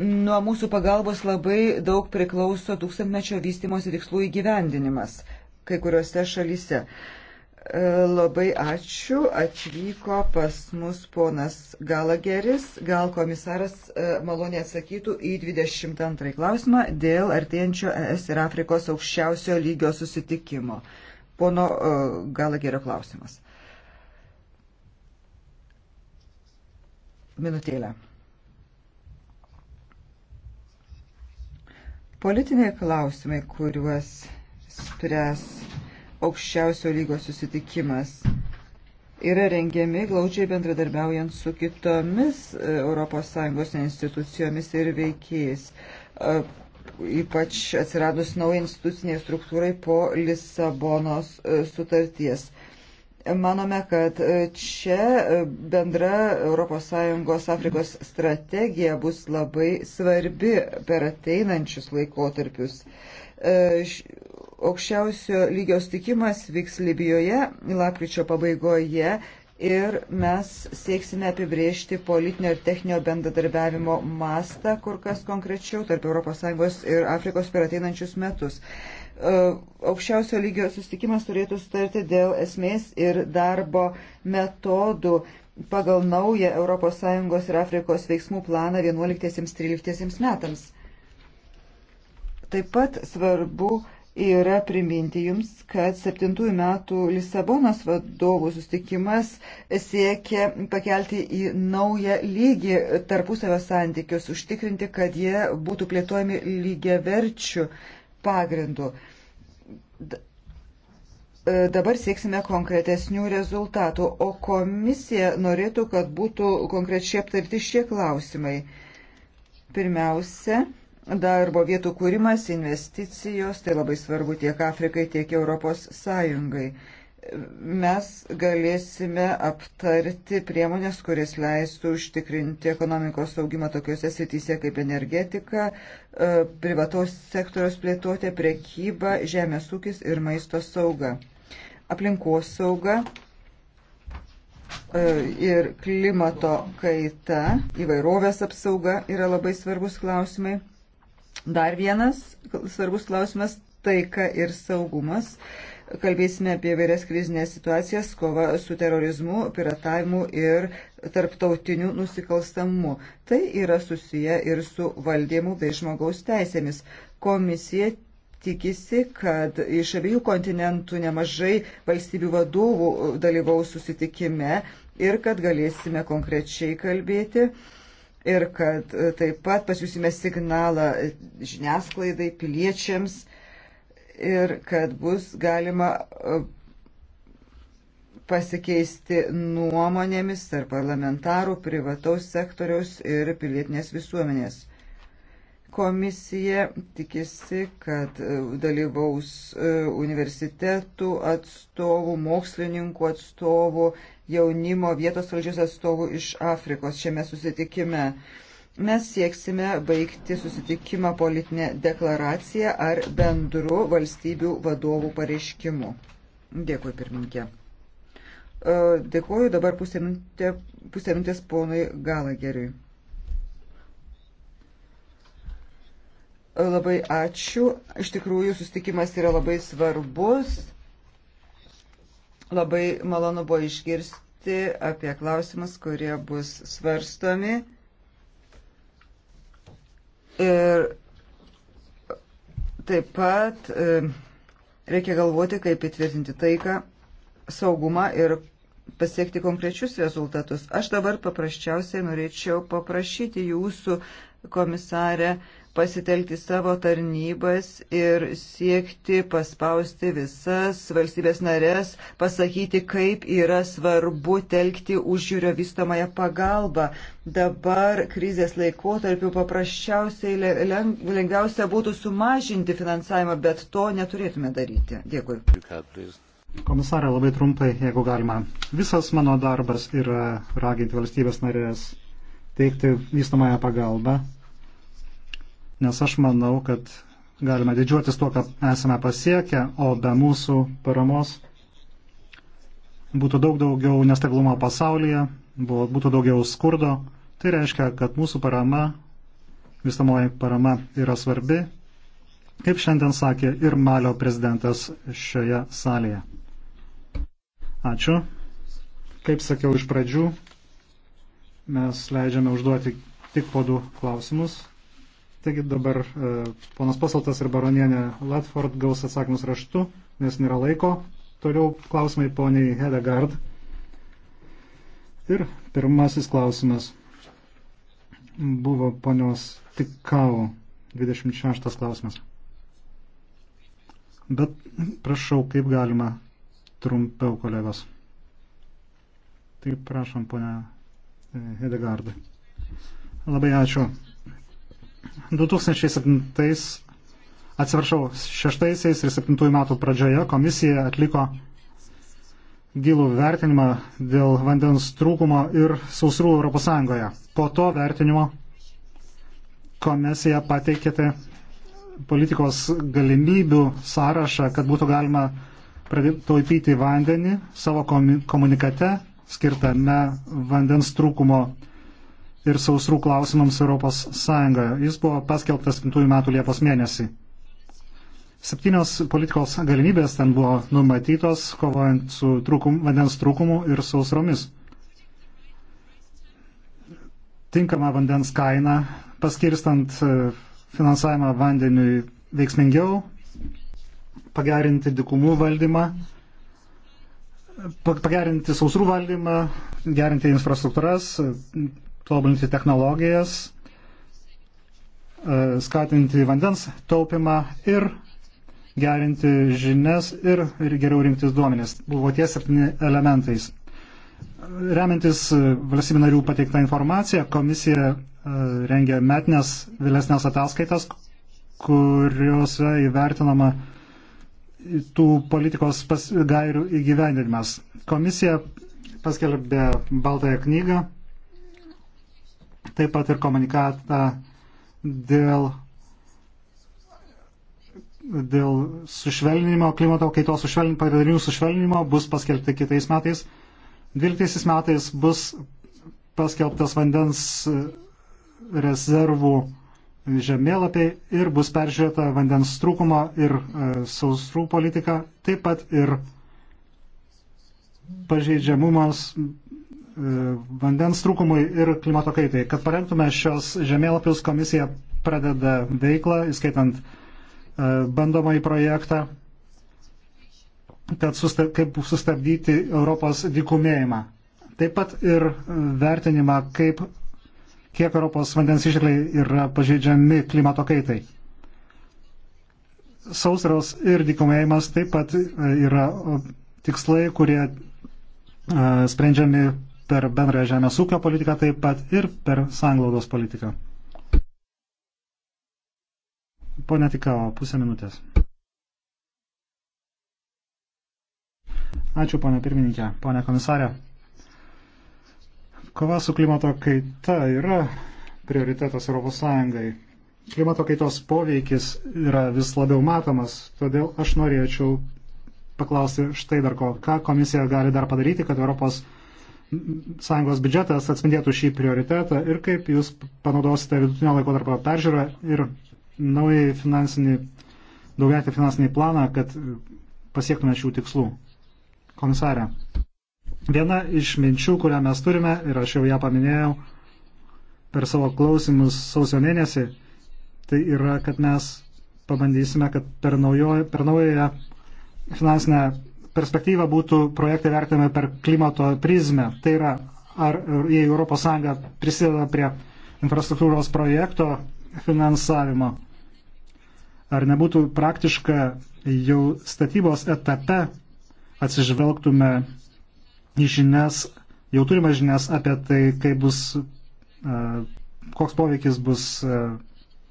Nuo mūsų pagalbos labai daug priklauso tūkstantmečio vystimosi tikslų įgyvendinimas kai kuriuose šalyse. E, labai ačiū, atvyko pas mus ponas Galageris, gal komisaras e, maloniai atsakytų į 22 klausimą dėl artėjančio ES ir Afrikos aukščiausio lygio susitikimo. Pono e, Galagerio klausimas. Minutėlę. Politiniai klausimai, kuriuos spręs aukščiausio lygos susitikimas, yra rengiami glaudžiai bendradarbiaujant su kitomis ES institucijomis ir veikėjais, e, ypač atsiradus naujai instituciniai struktūrai po Lisabonos e, sutarties. Manome, kad e, čia e, bendra ES Afrikos strategija bus labai svarbi per ateinančius laikotarpius. E, aukščiausio lygio stikimas vyks Libijoje lapkričio pabaigoje ir mes sieksime apibriežti politinio ir techninio bendradarbiavimo mastą kur kas konkrečiau tarp ES ir Afrikos per ateinančius metus. E, aukščiausio lygio susitikimas turėtų sutarti dėl esmės ir darbo metodų pagal naują ES ir Afrikos veiksmų planą 11-13 metams. Taip pat svarbu yra priminti jums, kad 7 metų Lisabonos vadovų sustikimas siekia pakelti į naują lygį tarpusavio santykius, užtikrinti, kad jie būtų plėtojami lygiaverčių verčių pagrindu. E, dabar sieksime konkretesnių rezultatų, o komisija norėtų, kad būtų konkrečiai aptarti šie klausimai. Pirmiausia, darbo vietų kūrimas, investicijos, tai labai svarbu tiek Afrikai, tiek Europos Sąjungai mes galėsime aptarti priemonės, kuris leistų užtikrinti ekonomikos augimą tokiuose srityse kaip energetika, e, privataus sektoriaus plėtotė, prekyba, žemės ūkis ir maisto sauga. Aplinkos sauga e, ir klimato kaita, įvairovės apsauga yra labai svarbus klausimai. Dar vienas svarbus klausimas - taika ir saugumas. Uh, Kalbėsime apie vairias krizinės situacijas, kova su terorizmu, piratavimu ir tarptautiniu nusikalstamumu. Tai yra susiję ir su valdymu bei žmogaus teisėmis. Komisija tikisi, kad iš abiejų kontinentų nemažai valstybių vadovų dalyvaus susitikime ir kad galėsime konkrečiai kalbėti ir kad taip pat pasiūsime signalą žiniasklaidai, piliečiams ir kad bus galima e, pasikeisti nuomonėmis tarp parlamentarų, privataus sektoriaus ir pilietinės visuomenės. Komisija tikisi, kad e, dalyvaus e, universitetų atstovų, mokslininkų atstovų, jaunimo vietos valdžios atstovų iš Afrikos šiame susitikime. Mes sieksime baigti susitikimą politinę deklaraciją ar bendru valstybių vadovų pareiškimu. Dėkui, pirmininkė. E, dėkuoju dabar pusę, minutė, pusę minutės ponui Galageriui. E, labai ačiū. Iš tikrųjų, sustikimas yra labai svarbus. Labai malonu buvo išgirsti apie klausimus, kurie bus svarstomi. Ir taip pat e, reikia galvoti, kaip įtvirtinti taiką, saugumą ir pasiekti konkrečius rezultatus. Aš dabar paprasčiausiai norėčiau paprašyti jūsų komisarę pasitelkti savo tarnybas ir siekti paspausti visas valstybės narės, pasakyti, kaip yra svarbu telkti užjūrio vystomąją pagalbą. Dabar krizės laikotarpiu paprasčiausiai lengviausia būtų sumažinti finansavimą, bet to neturėtume daryti. Dėkui. Komisarė, labai trumpai, jeigu galima. Visas mano darbas yra raginti valstybės narės teikti vystomąją pagalbą nes aš manau, kad galime didžiuotis tuo, ką esame pasiekę, o be mūsų paramos būtų daug daugiau nestabilumo pasaulyje, būtų daugiau skurdo. Tai reiškia, kad mūsų parama, visamoji parama yra svarbi, kaip šiandien sakė ir Malio prezidentas šioje salėje. Ačiū. Kaip sakiau iš pradžių, mes leidžiame užduoti tik po du klausimus. Taigi dabar e, ponas Pasaltas ir baronienė Latford gaus atsakymus raštu, nes nėra laiko. Toliau klausimai poniai Hedegard. Ir pirmasis klausimas buvo ponios Tikau, 26 klausimas. Bet prašau, kaip galima trumpiau, kolegos. Taip, prašom, ponia Hedegardai. Labai ačiū. 2007 atsiprašau, šeštaisiais ir septintųjų metų pradžioje komisija atliko gilų vertinimą dėl vandens trūkumo ir sausrų ES. Po to vertinimo komisija pateikėte tai politikos galimybių sąrašą, kad būtų galima taupyti vandenį savo komunikate skirtame vandens trūkumo ir sausrų klausimams Europos Sąjungoje. Jis buvo paskelbtas 7 metų Liepos mėnesį. Septynios politikos galimybės ten buvo numatytos, kovojant su trūkum, vandens trūkumu ir sausromis. Tinkama vandens kaina, paskirstant e, finansavimą vandeniui veiksmingiau, pagerinti dikumų valdymą, pagerinti sausrų valdymą, gerinti infrastruktūras, tobulinti technologijas, e, skatinti vandens taupimą ir gerinti žinias ir, ir geriau rinktis duomenis. Buvo tie septyni elementais. Remiantis e, valstybių narių pateiktą informaciją, komisija e, rengia metinės vėlesnės ataskaitas, kuriuose įvertinama tų politikos pas, gairių įgyvendinimas. Komisija paskelbė Baltąją knygą taip pat ir komunikatą dėl, dėl sušvelninimo, klimato kaitos sušvelninimo, padarinių sušvelninimo bus paskelbti kitais metais. 12 metais bus paskelbtas vandens rezervų žemėlapiai ir bus peržiūrėta vandens trūkumo ir e, saustrų politika, taip pat ir pažeidžiamumas E, vandens trūkumui ir klimato kaitai. Kad parengtume šios žemėlapius, komisija pradeda veiklą, įskaitant e, bandomąjį projektą, kad susta, kaip sustabdyti Europos dikumėjimą. Taip pat ir e, vertinimą, kaip, kiek Europos vandens ištekliai yra pažeidžiami klimato kaitai. Sausros ir dikumėjimas taip pat yra tikslai, kurie sprendžiami per bendrąją žemės ūkio politiką taip pat ir per sanglaudos politiką. Pone Tikao, pusę minutės. Ačiū, ponė pirmininkė, ponė komisarė. Kova su klimato kaita yra prioritetas ES. Klimato kaitos poveikis yra vis labiau matomas, todėl aš norėčiau paklausti štai dar ko, ką komisija gali dar padaryti, kad Europos sąjungos biudžetas atspindėtų šį prioritetą ir kaip jūs panaudosite vidutinio laiko tarpo peržiūrą ir naują finansinį, daugiatį finansinį planą, kad pasiektume šių tikslų. Komisarė, viena iš minčių, kurią mes turime, ir aš jau ją paminėjau per savo klausimus sausio mėnesį, tai yra, kad mes pabandysime, kad per, naujo, per naują finansinę perspektyva būtų projektai vertinami per klimato prizmę. Tai yra, ar jei ES prisideda prie infrastruktūros projekto finansavimo, ar nebūtų praktiška jau statybos etape atsižvelgtume į žinias, jau turime žinias apie tai, kaip bus, koks poveikis bus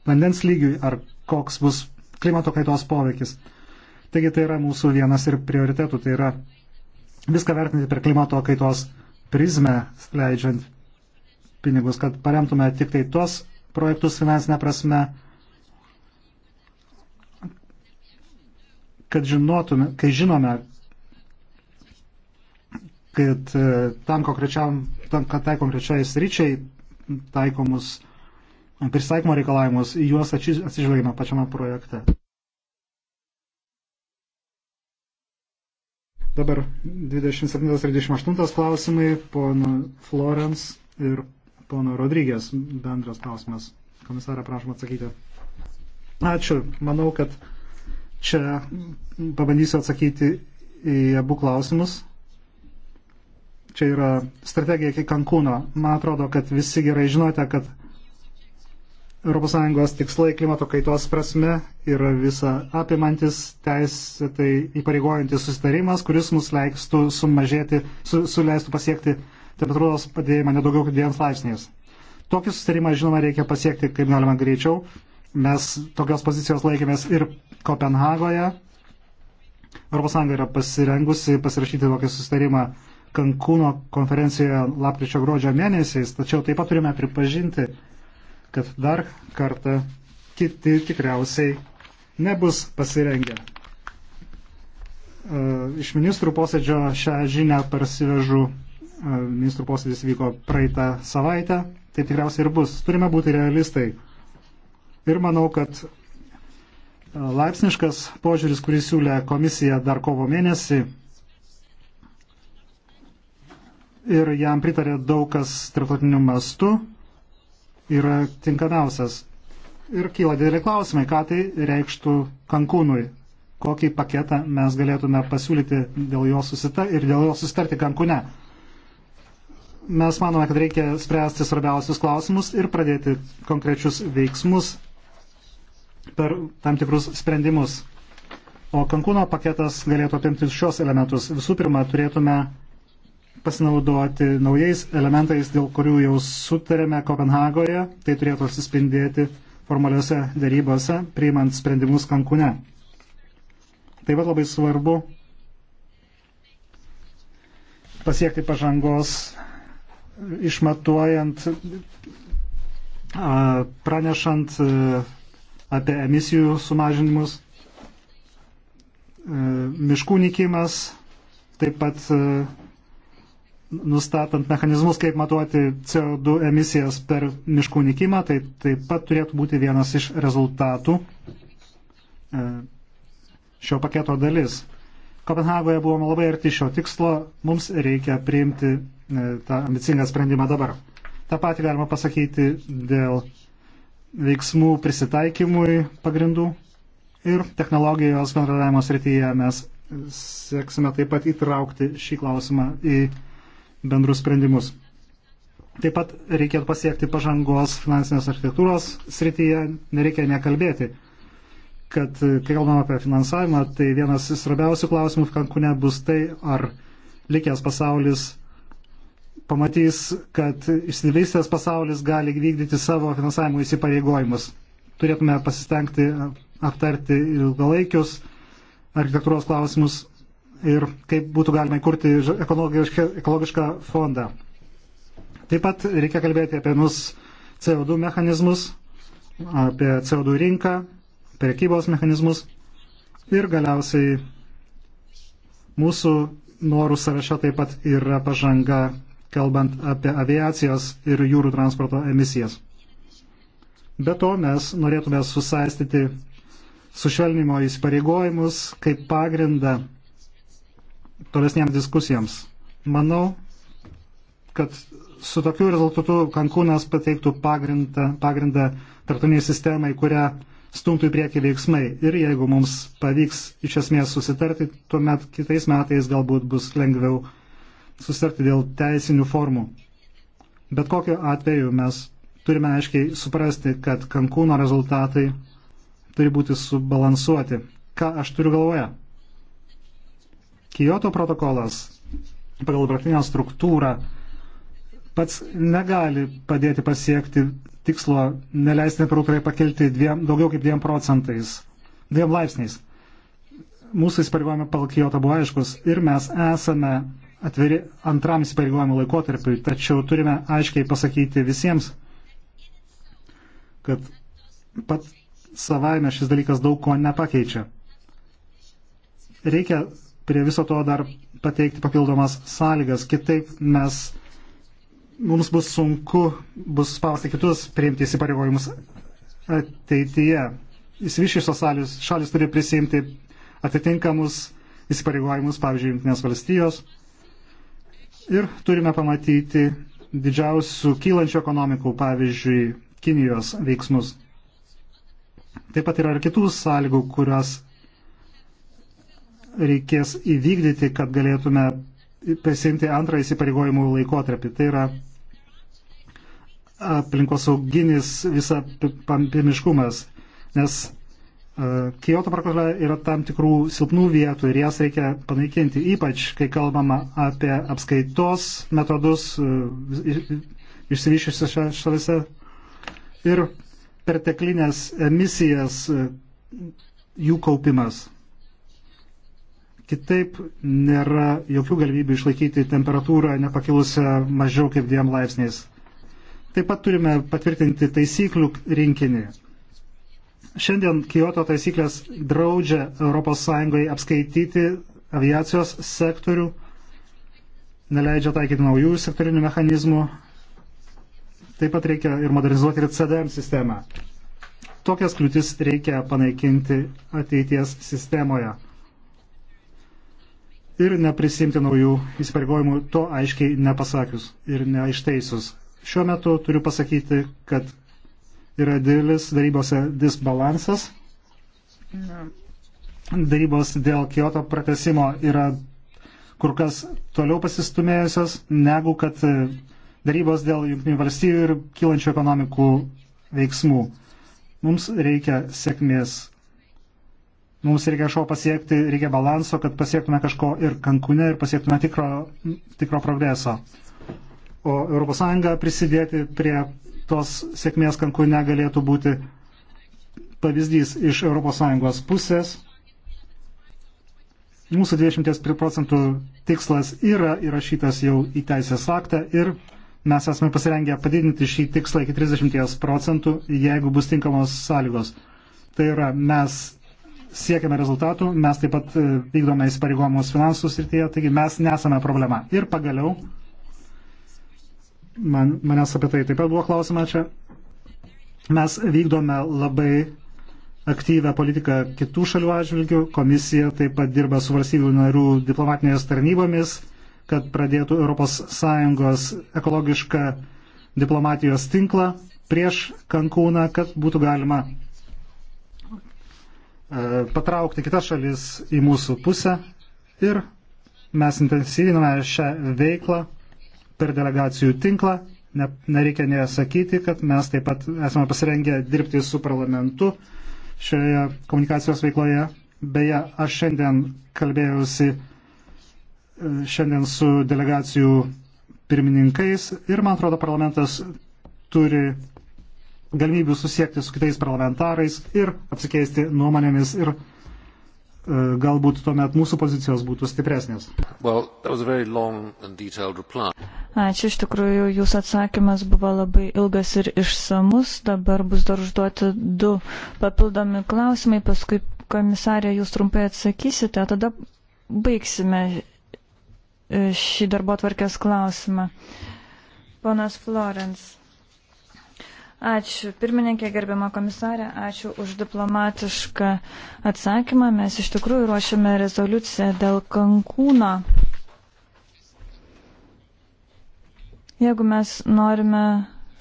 vandens lygiui ar koks bus klimato kaitos poveikis. Taigi tai yra mūsų vienas ir prioritetų, tai yra viską vertinti per klimato kaitos prizmę, leidžiant pinigus, kad paremtume tik tai tos projektus finansinę prasme, kad žinotume, kai žinome, kad e, tam konkrečiam, tam, kad tai konkrečiai sričiai taikomus prisitaikymo reikalavimus, į juos atsižvelgiame pačiame projekte. Dabar 27 ir 28 klausimai, pono Florence ir pono Rodrygės bendras klausimas. Komisarą prašom atsakyti. Ačiū. Manau, kad čia pabandysiu atsakyti į abu klausimus. Čia yra strategija iki Kankūno. Man atrodo, kad visi gerai žinote, kad ES tikslai klimato kaitos prasme yra visa apimantis teisėtai įpareigojantis susitarimas, kuris mus leistų sumažėti, su, suleistų pasiekti temperatūros padėjimą nedaugiau kaip dviems laipsniais. Tokį susitarimą, žinoma, reikia pasiekti kaip galima greičiau. Mes tokios pozicijos laikėmės ir Kopenhagoje. ES yra pasirengusi pasirašyti tokį susitarimą Kankūno konferencijoje lapkričio gruodžio mėnesiais, tačiau taip pat turime pripažinti, kad dar kartą kiti tikriausiai nebus pasirengę. E, iš ministrų posėdžio šią žinią parsivežu. E, ministrų posėdis vyko praeitą savaitę. Tai tikriausiai ir bus. Turime būti realistai. Ir manau, kad e, laipsniškas požiūris, kurį siūlė komisija dar kovo mėnesį, ir jam pritarė daug kas tarptautiniu mastu, yra tinkamiausias. Ir kyla dideli klausimai, ką tai reikštų Kankūnui, kokį paketą mes galėtume pasiūlyti dėl jo susita ir dėl jo susitarti Kankūne. Mes manome, kad reikia spręsti svarbiausius klausimus ir pradėti konkrečius veiksmus per tam tikrus sprendimus. O Kankūno paketas galėtų apimti šios elementus. Visų pirma, turėtume pasinaudoti naujais elementais, dėl kurių jau sutarėme Kopenhagoje, tai turėtų atsispindėti formaliuose darybose, priimant sprendimus Kankune. Taip pat labai svarbu pasiekti pažangos, išmatuojant, pranešant e, apie emisijų sumažinimus, e, miškų nikimas, taip pat e, nustatant mechanizmus, kaip matuoti CO2 emisijas per miškų nikimą, tai taip pat turėtų būti vienas iš rezultatų e, šio paketo dalis. Kopenhagoje buvome labai arti šio tikslo, mums reikia priimti e, tą ambicingą sprendimą dabar. Ta pati galima pasakyti dėl veiksmų prisitaikymui pagrindų ir technologijos bendradavimo srityje mes sėksime taip pat įtraukti šį klausimą į bendrus sprendimus. Taip pat reikėtų pasiekti pažangos finansinės architektūros srityje, nereikia nekalbėti, kad kai kalbam apie finansavimą, tai vienas svarbiausių klausimų Kankune bus tai, ar likęs pasaulis pamatys, kad išsivystęs pasaulis gali vykdyti savo finansavimo įsipareigojimus. Turėtume pasistengti aptarti ilgalaikius architektūros klausimus ir kaip būtų galima įkurti ekologišką, ekologišką fondą. Taip pat reikia kalbėti apie nus CO2 mechanizmus, apie CO2 rinką, prekybos mechanizmus ir galiausiai mūsų norų sąraše taip pat yra pažanga, kalbant apie aviacijos ir jūrų transporto emisijas. Be to mes norėtume susaistyti sušvelnimo įsipareigojimus kaip pagrindą tolesniems diskusijams. Manau, kad su tokiu rezultatu Kankūnas pateiktų pagrindą, pagrindą tartuniai sistemai, kurią stumtų į priekį veiksmai. Ir jeigu mums pavyks iš esmės susitarti, tuomet kitais metais galbūt bus lengviau susitarti dėl teisinių formų. Bet kokiu atveju mes turime aiškiai suprasti, kad Kankūno rezultatai turi būti subalansuoti. Ką aš turiu galvoje? Kyoto protokolas pagal dabartinę struktūrą pats negali padėti pasiekti tikslo neleisti temperatūrai pakelti dviem, daugiau kaip 2 procentais, 2 laipsniais. Mūsų įsipareigojimai pagal Kyoto buvo aiškus ir mes esame atviri antram įsipareigojimų laikotarpiui, tačiau turime aiškiai pasakyti visiems, kad pat savaime šis dalykas daug ko nepakeičia. Reikia prie viso to dar pateikti papildomas sąlygas. Kitaip mes, mums bus sunku bus spausti kitus priimti įsipareigojimus ateityje. Įsivyšysios šalis, šalis turi prisimti atitinkamus įsipareigojimus, pavyzdžiui, Junktinės valstijos. Ir turime pamatyti didžiausių kylančių ekonomikų, pavyzdžiui, Kinijos veiksmus. Taip pat yra ir kitų sąlygų, kurios reikės įvykdyti, kad galėtume pasimti antrą įsipareigojimų laikotarpį. Tai yra aplinkosauginis visą pamiškumas, nes e, Kyoto protokolė yra tam tikrų silpnų vietų ir jas reikia panaikinti, ypač kai kalbama apie apskaitos metodus e, išsivyščiusiuose šalise ir perteklinės emisijas e, jų kaupimas. Kitaip nėra jokių galimybių išlaikyti temperatūrą nepakilusią mažiau kaip dviem laipsniais. Taip pat turime patvirtinti taisyklių rinkinį. Šiandien Kyoto taisyklės draudžia ES apskaityti aviacijos sektorių, neleidžia taikyti naujų sektorinių mechanizmų. Taip pat reikia ir modernizuoti ir CDM sistemą. Tokias kliūtis reikia panaikinti ateities sistemoje ir neprisimti naujų įsipareigojimų, to aiškiai nepasakius ir neaišteisus. Šiuo metu turiu pasakyti, kad yra didelis darybose disbalansas. Darybos dėl Kyoto pratesimo yra kur kas toliau pasistumėjusios, negu kad darybos dėl jungtinių valstybių ir kylančių ekonomikų veiksmų. Mums reikia sėkmės Mums reikia kažko pasiekti, reikia balanso, kad pasiektume kažko ir kankūne, ir pasiektume tikro, tikro progreso. O ES prisidėti prie tos sėkmės kankūne galėtų būti pavyzdys iš ES pusės. Mūsų 20 procentų tikslas yra įrašytas jau į teisės aktą ir mes esame pasirengę padidinti šį tikslą iki 30 procentų, jeigu bus tinkamos sąlygos. Tai yra, mes siekiame rezultatų, mes taip pat e, vykdome įsipareigomus finansų srityje, taigi mes nesame problema. Ir pagaliau, man, manęs apie tai taip pat buvo klausima čia, mes vykdome labai aktyvę politiką kitų šalių atžvilgių, komisija taip pat dirba su valstybių narių diplomatinės tarnybomis, kad pradėtų ES ekologišką diplomatijos tinklą prieš Kankūną, kad būtų galima E, patraukti kitas šalis į mūsų pusę ir mes intensyviname šią veiklą per delegacijų tinklą. Ne, nereikia nesakyti, kad mes taip pat esame pasirengę dirbti su parlamentu šioje komunikacijos veikloje. Beje, aš šiandien kalbėjausi e, šiandien su delegacijų pirmininkais ir man atrodo parlamentas turi galimybių susiekti su kitais parlamentarais ir apsikeisti nuomonėmis ir e, galbūt tuomet mūsų pozicijos būtų stipresnės. Well, Ačiū, iš tikrųjų, jūsų atsakymas buvo labai ilgas ir išsamus. Dabar bus dar užduoti du papildomi klausimai, paskui komisarė jūs trumpai atsakysite, tada baigsime e, šį darbo tvarkės klausimą. Ponas Florence. Ačiū pirmininkė, gerbiama komisarė, ačiū už diplomatišką atsakymą. Mes iš tikrųjų ruošiame rezoliuciją dėl Kankūno. Jeigu mes norime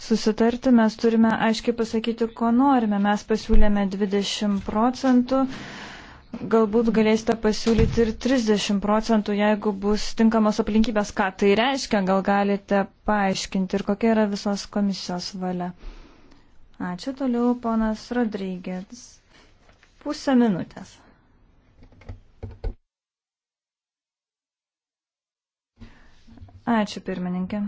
susitarti, mes turime aiškiai pasakyti, ko norime. Mes pasiūlėme 20 procentų, galbūt galėsite pasiūlyti ir 30 procentų, jeigu bus tinkamos aplinkybės. Ką tai reiškia, gal galite paaiškinti ir kokia yra visos komisijos valia. Ačiū toliau, ponas Rodrygės. Pusę minutės. Ačiū, pirmininkė.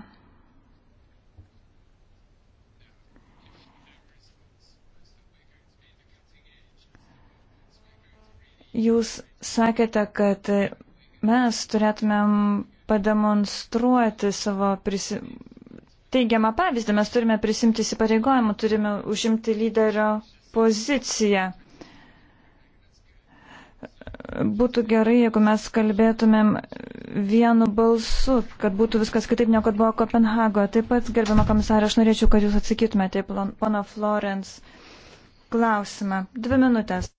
Jūs sakėte, kad mes turėtumėm pademonstruoti savo prisi teigiamą pavyzdį, mes turime prisimti įsipareigojimų, turime užimti lyderio poziciją. Būtų gerai, jeigu mes kalbėtumėm vienu balsu, kad būtų viskas kitaip, negu kad buvo Kopenhagoje. Taip pat, gerbiamą komisarę, aš norėčiau, kad jūs atsakytumėte į pono Florence klausimą. Dvi minutės.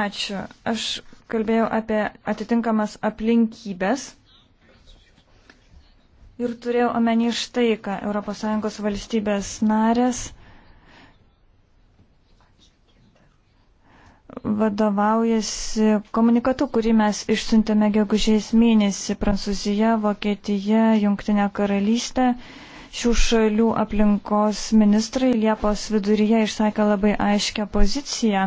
Ačiū. Aš kalbėjau apie atitinkamas aplinkybės Ir turėjau omeny štai, ką ES valstybės narės vadovaujasi komunikatu, kurį mes išsiuntėme gegužės mėnesį Prancūzija, Vokietija, Junktinė karalystė. Šių šalių aplinkos ministrai Liepos viduryje išsakė labai aiškę poziciją.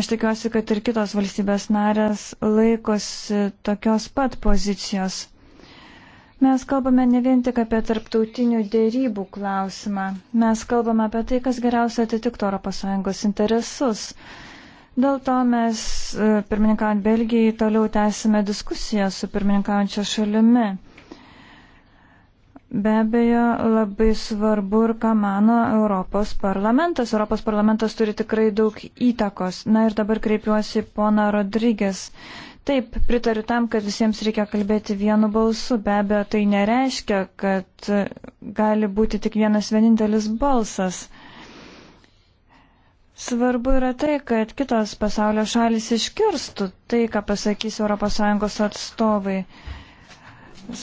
Aš tikiuosi, kad ir kitos valstybės narės laikosi tokios pat pozicijos. Mes kalbame ne vien tik apie tarptautinių dėrybų klausimą, mes kalbame apie tai, kas geriausia atitiktų ES interesus. Dėl to mes, e, pirmininkaujant Belgijai, toliau tęsime diskusiją su pirmininkaujančia šalimi. Be abejo, labai svarbu ir ką mano Europos parlamentas. Europos parlamentas turi tikrai daug įtakos. Na ir dabar kreipiuosi į poną Rodrygės. Taip, pritariu tam, kad visiems reikia kalbėti vienu balsu. Be abejo, tai nereiškia, kad gali būti tik vienas vienintelis balsas. Svarbu yra tai, kad kitos pasaulio šalis iškirstų tai, ką pasakys ES atstovai.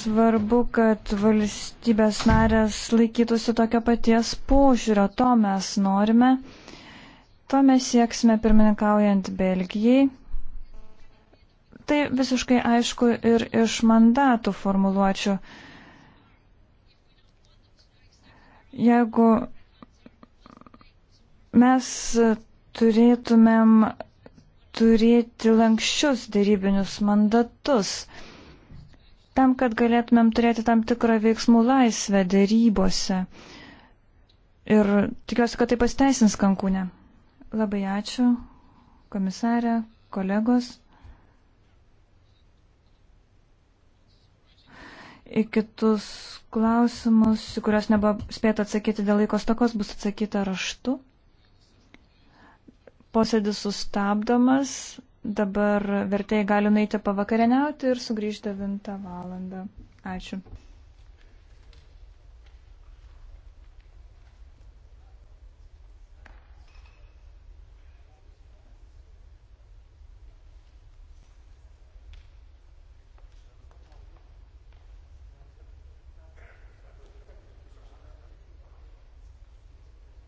Svarbu, kad valstybės narės laikytųsi tokio paties požiūrio. To mes norime. To mes sieksime pirmininkaujant Belgijai Tai visiškai aišku ir iš mandatų formuluočių. Jeigu mes turėtumėm turėti lankščius darybinius mandatus, tam, kad galėtumėm turėti tam tikrą veiksmų laisvę darybose. Ir tikiuosi, kad tai pasiteisins Kankūne. Labai ačiū, komisarė, kolegos. Į kitus klausimus, į kuriuos nebuvo spėta atsakyti dėl laiko stokos, bus atsakyta raštu. Posėdis sustabdomas, dabar vertėjai gali nueiti pavakarieniauti ir sugrįžti 9 valandą. Ačiū.